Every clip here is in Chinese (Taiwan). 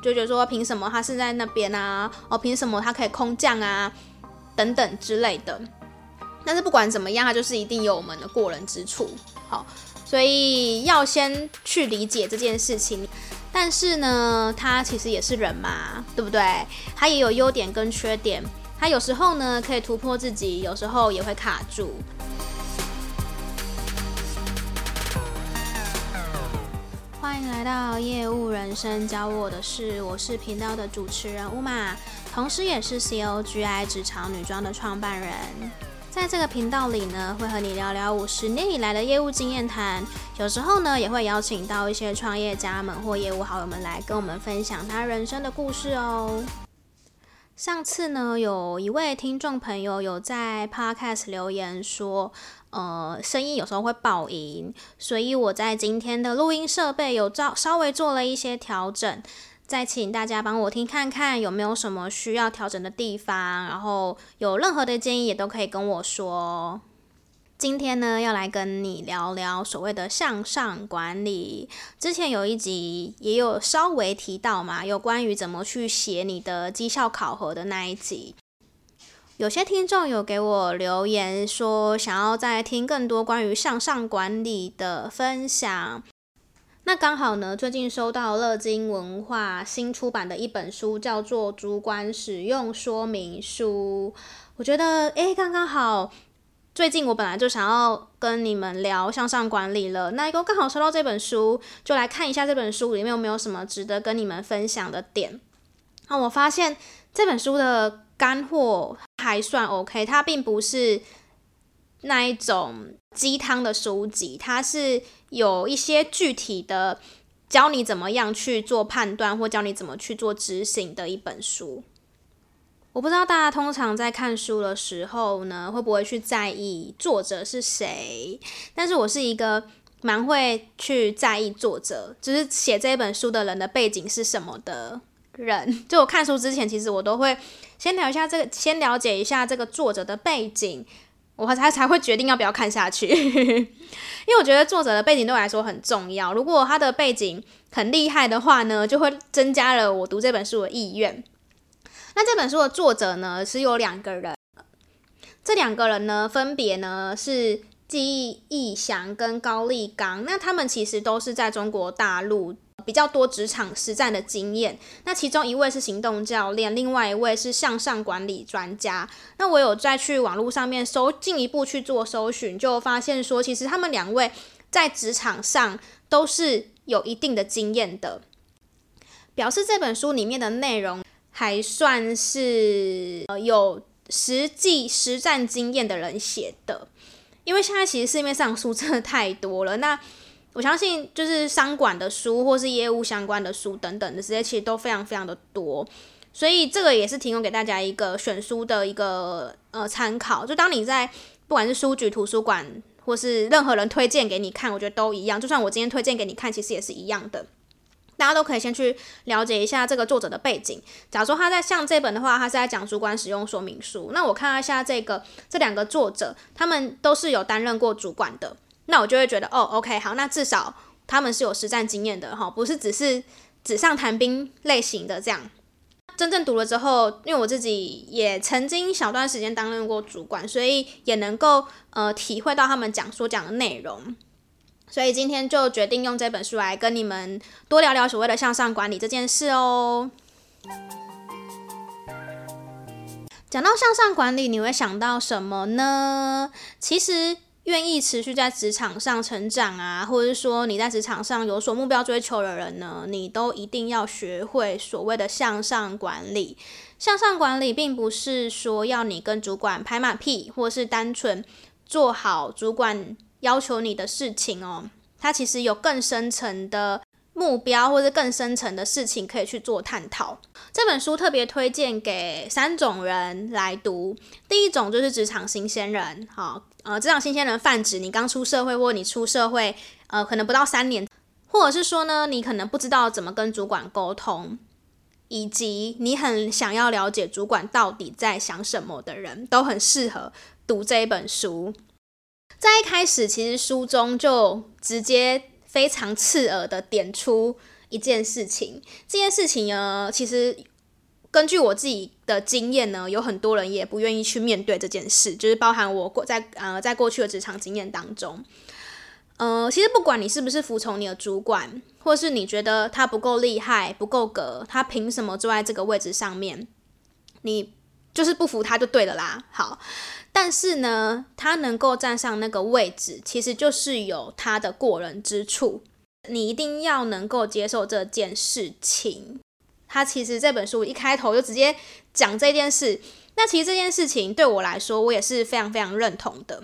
就覺得說，憑什麼他是在那邊啊？哦，憑什麼他可以空降啊？等等之類的。但是不管怎麼樣，他就是一定有我們的過人之處，好，所以要先去理解這件事情。但是呢，他其實也是人嘛，對不對？他也有優點跟缺點，他有時候呢可以突破自己，有時候也會卡住。來到業務人生教我的事，我是頻道的主持人 Uma，同時也是 COGI 職場女裝的創辦人。在這個頻道裡呢，會和你聊聊五十年以來的業務經驗談，有時候呢，也會邀請到一些創業家們或業務好友們來跟我們分享他人生的故事哦。上次呢，有一位聽眾朋友有在 Podcast 留言說，呃，聲音有時候會爆音，所以我在今天的錄音設備有照稍微做了一些調整，再請大家幫我聽看看有沒有什麼需要調整的地方，然後有任何的建議也都可以跟我說。今天呢，要來跟你聊聊所謂的向上管理，之前有一集也有稍微提到嘛，有關於怎麼去寫你的績效考核的那一集。有些聽眾有給我留言說，想要再聽更多關於向上管理的分享。那剛好呢，最近收到樂金文化新出版的一本書，叫做《主管使用說明書》。我覺得，誒，剛剛好，最近我本來就想要跟你們聊向上管理了，那個剛好收到這本書，就來看一下這本書裡面有沒有什麼值得跟你們分享的點。啊，我發現這本書的乾貨，還算 OK，它並不是那一種雞湯的書籍，它是有一些具體的教你怎麼樣去做判斷，或教你怎麼去做執行的一本書。我不知道大家通常在看書的時候呢，會不會去在意作者是誰？但是我是一個蠻會去在意作者，就是寫這一本書的人的背景是什麼的。人就我看書之前，其實我都會先聊一下這個，先了解一下這個作者的背景，我才才會決定要不要看下去。 因為我覺得作者的背景對我來說很重要，如果他的背景很厲害的話呢，就會增加了我讀這本書的意願。那這本書的作者呢是有兩個人，這兩個人呢分別呢是季益祥跟高利剛，那他們其實都是在中國大陸。比較多職場實戰的經驗，那其中一位是行動教練，另外一位是向上管理專家。那我有再去網絡上面搜，進一步去做搜尋，就發現說，其實他們兩位在職場上都是有一定的經驗的，表示這本書裡面的內容還算是有實際實戰經驗的人寫的，因為現在其實市面上書真的太多了，那我相信就是商管的書，或是業務相關的書等等的這些，其實都非常非常的多。所以這個也是提供給大家一個選書的一個呃參考。就當你在不管是書局、圖書館，或是任何人推薦給你看，我覺得都一樣。就算我今天推薦給你看，其實也是一樣的。大家都可以先去了解一下這個作者的背景。假如說他在像這本的話，他是在講主管使用說明書。那我看了一下這個這兩個作者，他們都是有擔任過主管的。那我就會覺得，哦，OK，好，那至少他們是有實戰經驗的哈，不是只是紙上談兵類型的這樣。真正讀了之後，因為我自己也曾經小段時間擔任過主管，所以也能夠呃體會到他們講所講的內容。所以今天就決定用這本書來跟你們多聊聊所謂的向上管理這件事哦。講到向上管理，你會想到什麼呢？其實。願意持續在職場上成長啊，或者是說你在職場上有所目標追求的人呢，你都一定要學會所謂的向上管理。向上管理並不是說要你跟主管拍馬屁，或者是單純做好主管要求你的事情哦。它其實有更深層的目標，或者更深層的事情可以去做探討。這本書特別推薦給三種人來讀。第一種就是職場新鮮人，好、哦。呃，職場新鮮人泛指你剛出社會或你出社會，呃，可能不到三年，或者是說呢，你可能不知道怎麼跟主管溝通，以及你很想要了解主管到底在想什麼的人，都很適合讀這一本書。在一開始，其實書中就直接非常刺耳地點出一件事情，這件事情呢，其實。根據我自己的經驗呢，有很多人也不願意去面對這件事，就是包含我過在呃在過去的職場經驗當中，呃，其實不管你是不是服從你的主管，或是你覺得他不夠厲害、不夠格，他憑什麼坐在這個位置上面？你就是不服他就對了啦。好，但是呢，他能夠站上那個位置，其實就是有他的過人之處，你一定要能夠接受這件事情。他其實這本書一開頭就直接講這件事，那其實這件事情對我來說，我也是非常非常認同的。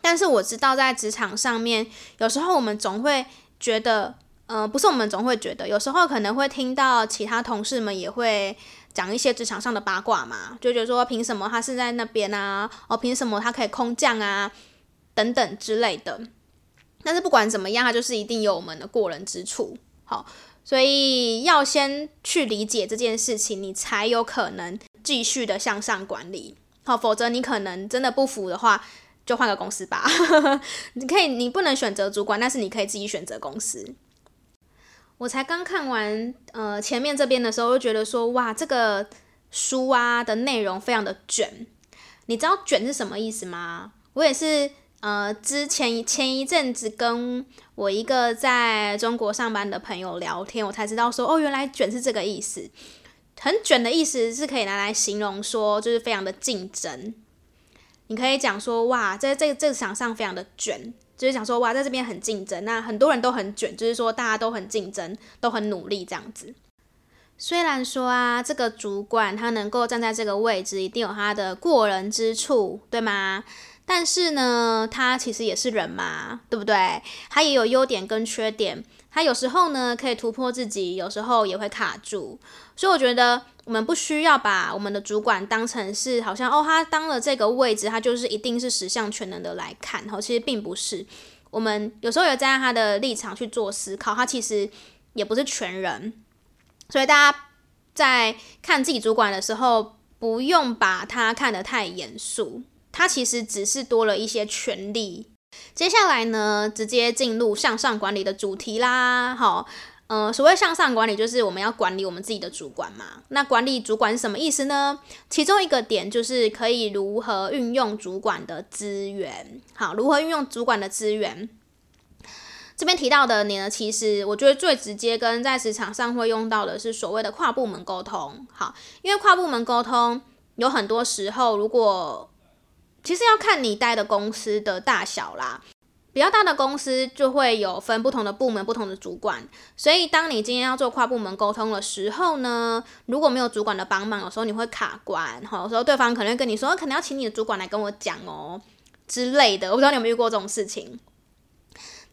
但是我知道在職場上面，有時候我們總會覺得，嗯、呃，不是我們總會覺得，有時候可能會聽到其他同事們也會講一些職場上的八卦嘛，就覺得說憑什麼他是在那邊啊？哦，憑什麼他可以空降啊？等等之類的。但是不管怎麼樣，他就是一定有我們的過人之處。好。所以要先去理解這件事情，你才有可能繼續的向上管理，好，否則你可能真的不服的話，就換個公司吧。 你可以，你不能選擇主管，但是你可以自己選擇公司。我才剛看完呃前面這邊的時候，我就覺得說哇，這個書啊的內容非常的捲，你知道捲是什麼意思嗎？我也是。呃，之前前一陣子跟我一個在中國上班的朋友聊天，我才知道說，哦，原來卷是這個意思。很卷的意思是可以拿來形容說，就是非常的競爭。你可以講說，哇，在這個這個場上非常的卷，就是講說，哇，在這邊很競爭，那很多人都很卷，就是說大家都很競爭，都很努力這樣子。雖然說啊，這個主管他能夠站在這個位置，一定有他的過人之處，對嗎？但是呢，他其實也是人嘛，對不對？他也有優點跟缺點。他有時候呢可以突破自己，有時候也會卡住。所以我覺得我們不需要把我們的主管當成是好像哦，他當了這個位置，他就是一定是十項全能的來看。哦，其實並不是。我們有時候也站在他的立場去做思考，他其實也不是全人。所以大家在看自己主管的時候，不用把他看得太嚴肅。它其實只是多了一些權力。接下來呢，直接進入向上管理的主題啦。好，呃，所謂向上管理，就是我們要管理我們自己的主管嘛。那管理主管是什麼意思呢？其中一個點就是可以如何運用主管的資源。好，如何運用主管的資源？這邊提到的你呢，其實我覺得最直接跟在職場上會用到的是所謂的跨部門溝通。好，因為跨部門溝通有很多時候如果其實要看你待的公司的大小啦，比較大的公司就會有分不同的部門、不同的主管，所以當你今天要做跨部門溝通的時候呢，如果沒有主管的幫忙，有時候你會卡關，然後有時候對方可能會跟你說，可能要請你的主管來跟我講哦之類的。我不知道你有沒有遇過這種事情，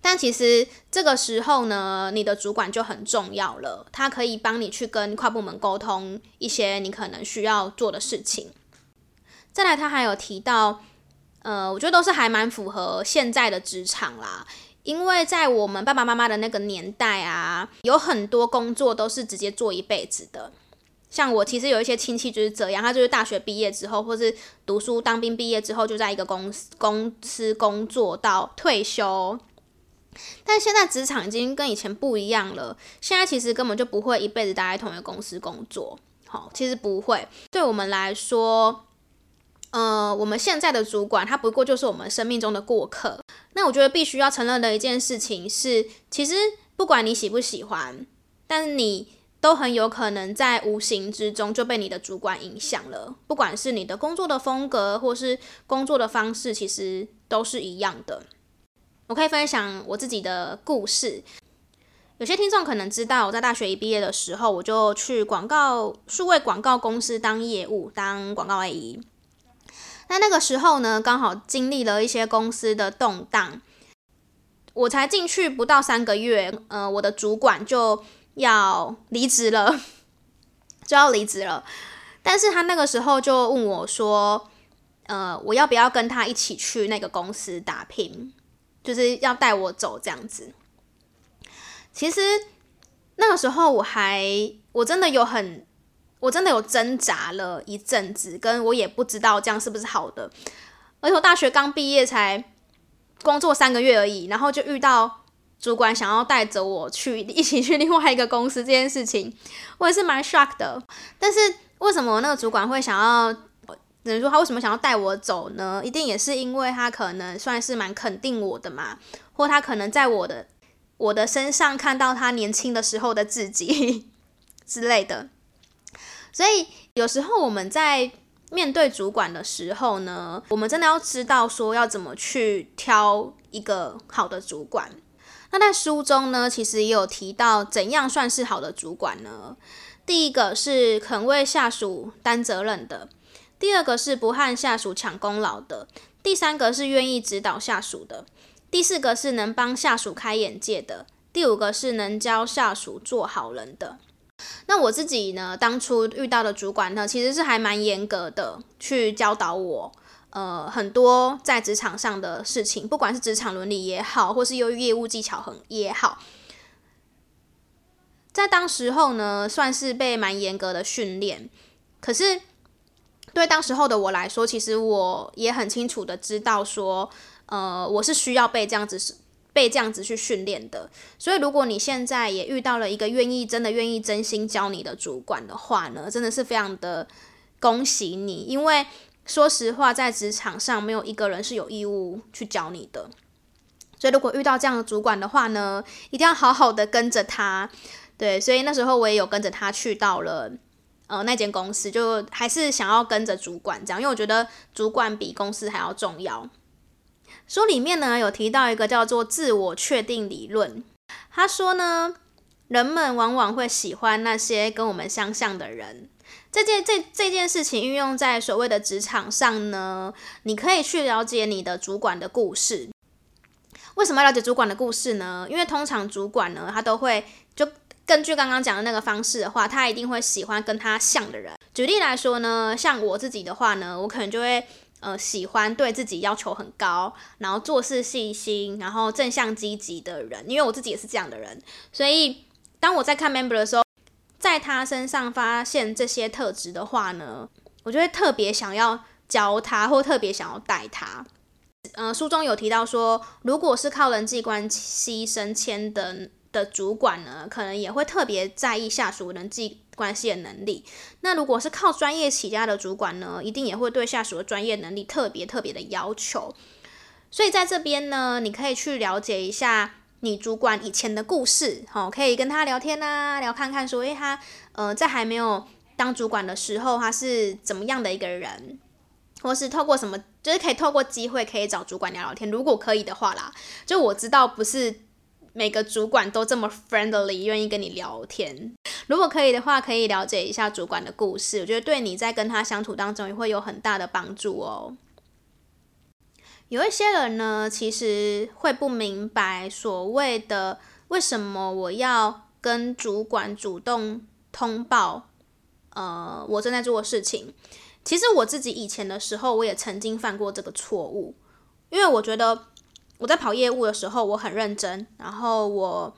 但其實這個時候呢，你的主管就很重要了，他可以幫你去跟跨部門溝通一些你可能需要做的事情。再來，他還有提到，呃，我覺得都是還蠻符合現在的職場啦，因為在我們爸爸媽媽的那個年代啊，有很多工作都是直接做一輩子的，像我其實有一些親戚就是這樣，他就是大學畢業之後，或是讀書當兵畢業之後，就在一個公司公司工作到退休。但現在職場已經跟以前不一樣了，現在其實根本就不會一輩子待在同一個公司工作，好，其實不會，對我們來說。呃，我們現在的主管，他不過就是我們生命中的過客。那我覺得必須要承認的一件事情是，其實不管你喜不喜歡，但你都很有可能在無形之中就被你的主管影響了。不管是你的工作的風格，或是工作的方式，其實都是一樣的。我可以分享我自己的故事。有些聽眾可能知道，我在大學一畢業的時候，我就去廣告數位廣告公司當業務，當廣告 AE。那那個時候呢，剛好經歷了一些公司的動盪，我才進去不到三個月，呃，我的主管就要離職了，就要離職了。但是他那個時候就問我說：“呃，我要不要跟他一起去那個公司打拼？就是要帶我走這樣子？”其實那個時候我還我真的有很，我真的有掙扎了一陣子，跟我也不知道這樣是不是好的，而且我大學剛畢業才工作三個月而已，然後就遇到主管想要帶着我去一起去另外一個公司這件事情，我也是蠻 shock 的。但是為什麼那個主管會想要，比如說他為什麼想要帶我走呢？一定也是因為他可能算是蠻肯定我的嘛，或他可能在我的我的身上看到他年輕的時候的自己之類的。所以有時候我們在面對主管的時候呢，我們真的要知道說要怎麼去挑一個好的主管。那在書中呢，其實也有提到怎樣算是好的主管呢？第一個是肯為下屬擔責任的，第二個是不和下屬搶功勞的，第三個是願意指導下屬的，第四個是能幫下屬開眼界的，第五個是能教下屬做好人的。那我自己呢，當初遇到的主管呢，其實是還蠻嚴格的，去教導我，呃，很多在職場上的事情，不管是職場倫理也好，或是由於業務技巧很也好，在當時候呢，算是被蠻嚴格的訓練。可是對當時候的我來說，其實我也很清楚的知道說，呃，我是需要被這樣子被這樣子去訓練的，所以如果你現在也遇到了一個願意真的願意真心教你的主管的話呢，真的是非常的恭喜你，因為說實話，在職場上沒有一個人是有義務去教你的，所以如果遇到這樣的主管的話呢，一定要好好的跟着他。對，所以那時候我也有跟着他去到了，呃，那間公司，就還是想要跟着主管這樣，因為我覺得主管比公司還要重要。書裡面呢，有提到一個叫做自我確定理論。他說呢，人們往往會喜歡那些跟我們相像的人。這件這這件事情運用在所謂的職場上呢，你可以去了解你的主管的故事。為什麼要了解主管的故事呢？因為通常主管呢，他都會就根據剛剛講的那個方式的話，他一定會喜歡跟他像的人。舉例來說呢，像我自己的話呢，我可能就會。呃，喜歡對自己要求很高，然後做事細心，然後正向積極的人，因為我自己也是這樣的人，所以當我在看 Member 的時候，在他身上發現這些特質的話呢，我就會特別想要教他，或特別想要帶他。呃，書中有提到說，如果是靠人際關係升遷的。的主管呢，可能也會特別在意下屬人際關係的能力。那如果是靠專業起家的主管呢，一定也會對下屬的專業能力特別特別的要求。所以在這邊呢，你可以去了解一下你主管以前的故事，哦，可以跟他聊天吶、啊，聊看看說，哎，他呃在還沒有當主管的時候，他是怎麼樣的一個人，或是透過什麼，就是可以透過機會可以找主管聊聊天，如果可以的話啦，就我知道不是。每個主管都這麼 friendly，願意跟你聊天。如果可以的話，可以了解一下主管的故事，我覺得對你在跟他相處當中也會有很大的幫助哦。有一些人呢，其實會不明白所謂的為什麼我要跟主管主動通報，呃，我正在做的事情。其實我自己以前的時候，我也曾經犯過這個錯誤，因為我覺得。我在跑業務的時候，我很認真。然後我，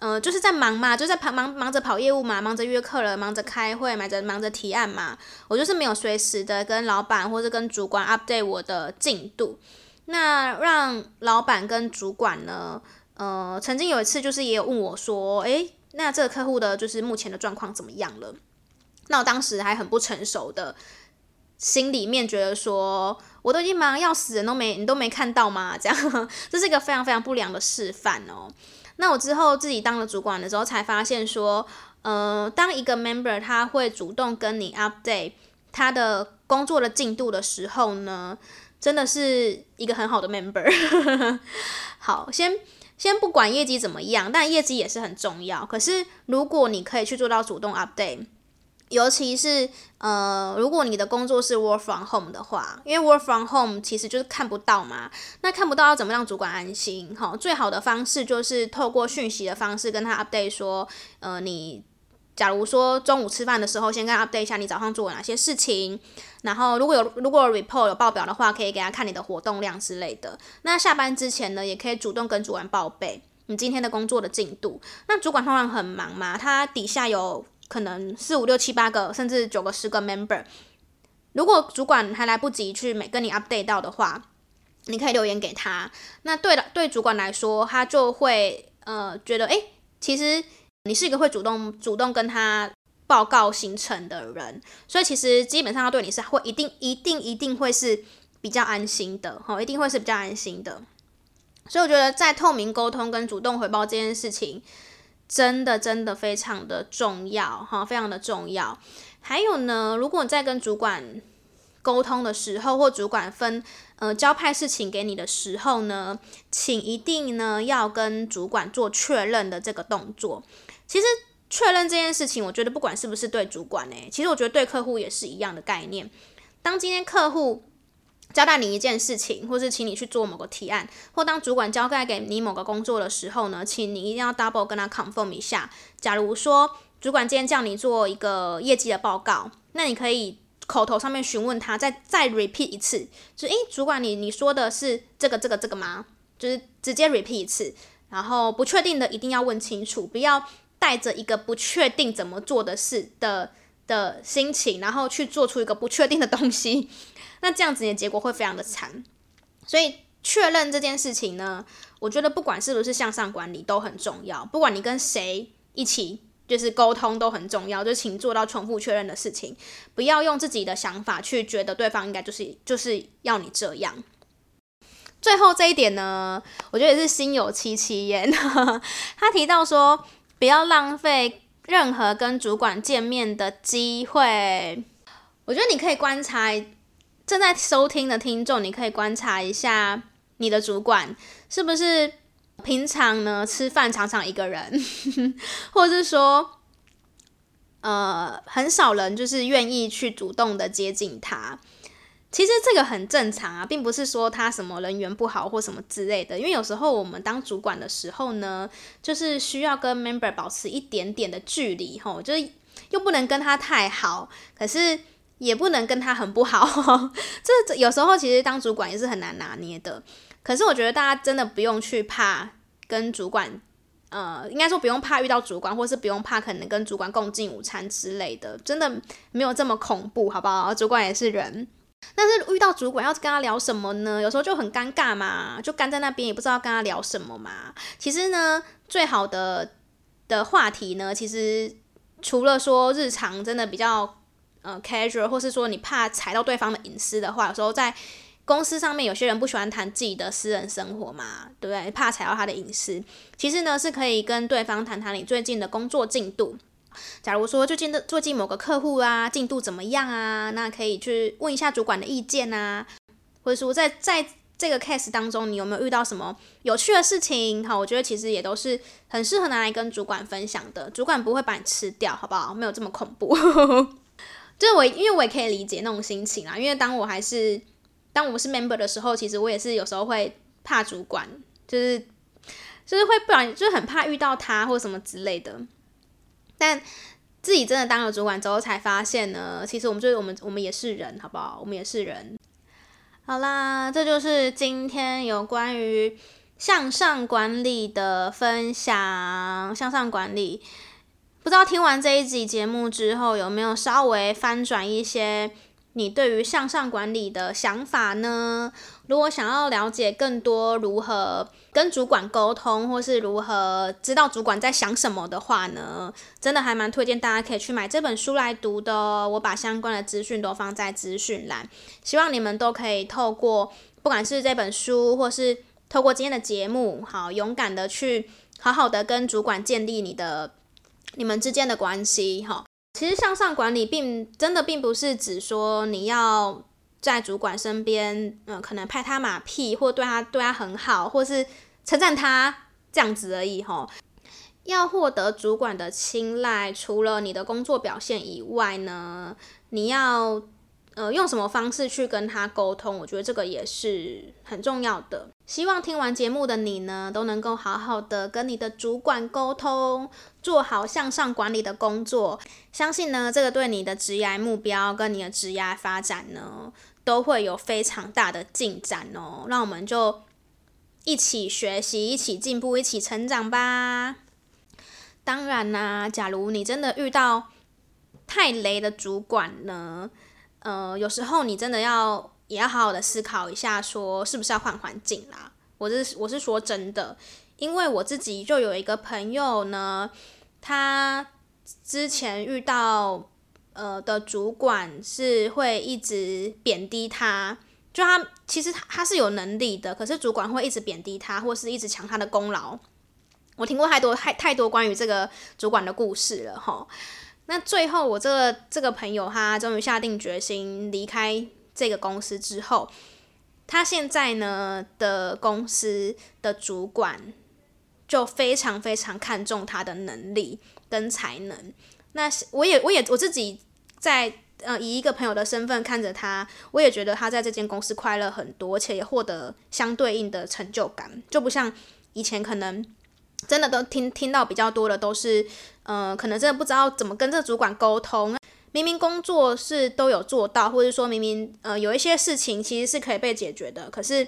呃，就是在忙嘛，就是、在忙忙忙着跑業務嘛，忙着約客人，忙着開會，忙着忙着提案嘛。我就是沒有隨時的跟老板或者跟主管 update 我的進度。那讓老板跟主管呢，呃，曾經有一次就是也有問我說，誒、欸，那這個客戶的就是目前的狀況怎麼樣了？那我當時還很不成熟的，心裡面覺得說。我都已經忙要死，人都沒你都沒看到嗎？這樣，這是一個非常非常不良的示範哦。那我之後自己當了主管的時候，才發現說，嗯、呃，當一個 member 他會主動跟你 update 他的工作的進度的時候呢，真的是一個很好的 member。 好，先先不管業績怎麼樣，但業績也是很重要。可是如果你可以去做到主動 update。尤其是呃，如果你的工作是 work from home 的話，因為 work from home 其實就是看不到嘛，那看不到要怎麼讓主管安心？哈、哦，最好的方式就是透過訊息的方式跟他 update 說，呃，你假如說中午吃飯的時候先跟他 update 一下你早上做了哪些事情，然後如果有如果 report 有報表的話，可以給他看你的活動量之類的。那下班之前呢，也可以主動跟主管報備你今天的工作的進度。那主管通常很忙嘛，他底下有。可能四五六七八個，甚至九個十個 member，如果主管還來不及去每跟你 update 到的話，你可以留言給他。那對了，對主管來說，他就會呃覺得，誒、欸，其實你是一個會主動主動跟他報告行程的人，所以其實基本上他對你是會一定一定一定會是比較安心的，吼，一定會是比較安心的。所以我覺得在透明溝通跟主動回報這件事情。真的真的非常的重要哈，非常的重要。還有呢，如果你在跟主管溝通的時候，或主管分呃交派事情給你的時候呢，請一定呢要跟主管做確認的這個動作。其實確認這件事情，我覺得不管是不是對主管呢、欸，其實我覺得對客戶也是一樣的概念。當今天客戶。交代你一件事情，或是請你去做某個提案，或當主管交代給你某個工作的時候呢，請你一定要 double 跟他 confirm 一下。假如說主管今天叫你做一個業績的報告，那你可以口頭上面詢問他，再再 repeat 一次，就，誒，主管你，你你說的是這個、這個、這個嗎？就是直接 repeat 一次。然後不確定的一定要問清楚，不要帶着一個不確定怎麼做的事的的心情，然後去做出一個不確定的東西。那這樣子你的結果會非常的慘，所以確認這件事情呢，我覺得不管是不是向上管理都很重要，不管你跟誰一起就是溝通都很重要，就請做到重複確認的事情，不要用自己的想法去覺得對方應該就是就是要你這樣。最後這一點呢，我覺得也是心有戚戚焉。 他提到說，不要浪費任何跟主管見面的機會。我覺得你可以觀察。正在收聽的聽眾，你可以觀察一下你的主管是不是平常呢吃飯常常一個人，呵呵或者是說，呃，很少人就是願意去主動的接近他。其實這個很正常啊，並不是說他什麼人緣不好或什麼之類的。因為有時候我們當主管的時候呢，就是需要跟 member 保持一點點的距離，吼，就是又不能跟他太好，可是。也不能跟他很不好， 這有時候其實當主管也是很難拿捏的。可是我覺得大家真的不用去怕跟主管，呃，應該說不用怕遇到主管，或是不用怕可能跟主管共進午餐之類的，真的沒有這麼恐怖，好不好？主管也是人。但是遇到主管要跟他聊什麼呢？有時候就很尷尬嘛，就乾在那邊也不知道要跟他聊什麼嘛。其實呢，最好的的話題呢，其實除了說日常，真的比較。呃，嗯，casual，或是說你怕踩到對方的隱私的話，有時候在公司上面，有些人不喜歡談自己的私人生活嘛，對不對？怕踩到他的隱私，其實呢，是可以跟對方談談你最近的工作進度。假如說最近的最近某個客戶啊，進度怎麼樣啊？那可以去問一下主管的意見啊。或者說在，在在這個 case 當中，你有沒有遇到什麼有趣的事情？哈，我覺得其實也都是很適合拿來跟主管分享的。主管不會把你吃掉，好不好？沒有這麼恐怖。 就是我，因為我也可以理解那種心情啦。因為當我還是當我是 member 的時候，其實我也是有時候會怕主管，就是就是會不然就很怕遇到他或者什麼之類的。但自己真的當了主管之後，才發現呢，其實我們就是我們，我們也是人，好不好？我們也是人。好啦，這就是今天有關於向上管理的分享。向上管理。不知道聽完這一集節目之後，有沒有稍微翻轉一些你對於向上管理的想法呢？如果想要了解更多如何跟主管溝通，或是如何知道主管在想什麼的話呢？真的還蠻推薦大家可以去買這本書來讀的哦。我把相關的資訊都放在資訊欄，希望你們都可以透過不管是這本書，或是透過今天的節目，好勇敢的去好好的跟主管建立你的。你們之間的關係，哈，其實向上管理並真的並不是指說你要在主管身邊，嗯，可能拍他馬屁，或對他對他很好，或是稱讚他這樣子而已，哈。要獲得主管的青睞，除了你的工作表現以外呢，你要呃用什麼方式去跟他溝通？我覺得這個也是很重要的。希望聽完節目的你呢，都能夠好好的跟你的主管溝通，做好向上管理的工作。相信呢，這個對你的職業目標跟你的職業發展呢，都會有非常大的進展哦。讓我們就一起學習，一起進步，一起成長吧。當然啦，啊，假如你真的遇到太雷的主管呢，呃，有時候你真的要。也要好好的思考一下，說是不是要換環境啦，啊。我是我是說真的，因為我自己就有一個朋友呢，他之前遇到呃的主管是會一直貶低他，就他其實他是有能力的，可是主管會一直貶低他，或是一直搶他的功勞。我聽過太多太太多關於這個主管的故事了，吼，那最後我這個這個朋友他終於下定決心離開。這個公司之後，他現在呢的公司的主管就非常非常看重他的能力跟才能。那我也我也我自己在呃以一個朋友的身份看着他，我也覺得他在這間公司快樂很多，而且也獲得相對應的成就感，就不像以前可能真的都聽聽到比較多的都是，嗯、呃，可能真的不知道怎麼跟這個主管溝通。明明工作是都有做到，或者說明明呃有一些事情其實是可以被解決的，可是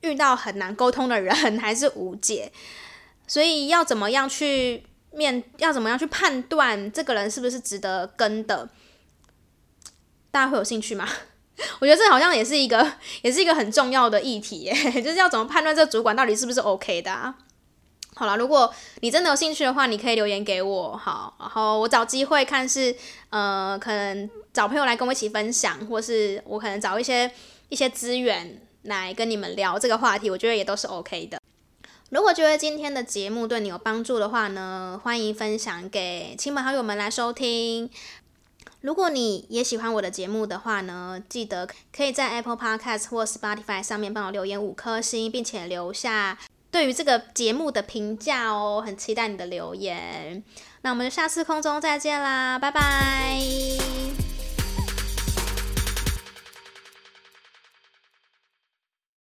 遇到很難溝通的人還是無解。所以要怎麼樣去面，要怎麼樣去判斷這個人是不是值得跟的？大家會有興趣嗎？我覺得這好像也是一個，也是一個很重要的議題耶，就是要怎麼判斷這主管到底是不是 OK 的啊？好了，如果你真的有興趣的話，你可以留言給我，好，然後我找機會看是，呃，可能找朋友來跟我一起分享，或是我可能找一些一些資源來跟你們聊這個話題，我覺得也都是 OK 的。如果覺得今天的節目對你有幫助的話呢，歡迎分享給親朋好友們來收聽。如果你也喜歡我的節目的話呢，記得可以在 Apple Podcast 或 Spotify 上面幫我留言五顆星，並且留下對於這個節目的評價哦，很期待你的留言。那我們就下次空中再見啦，拜拜。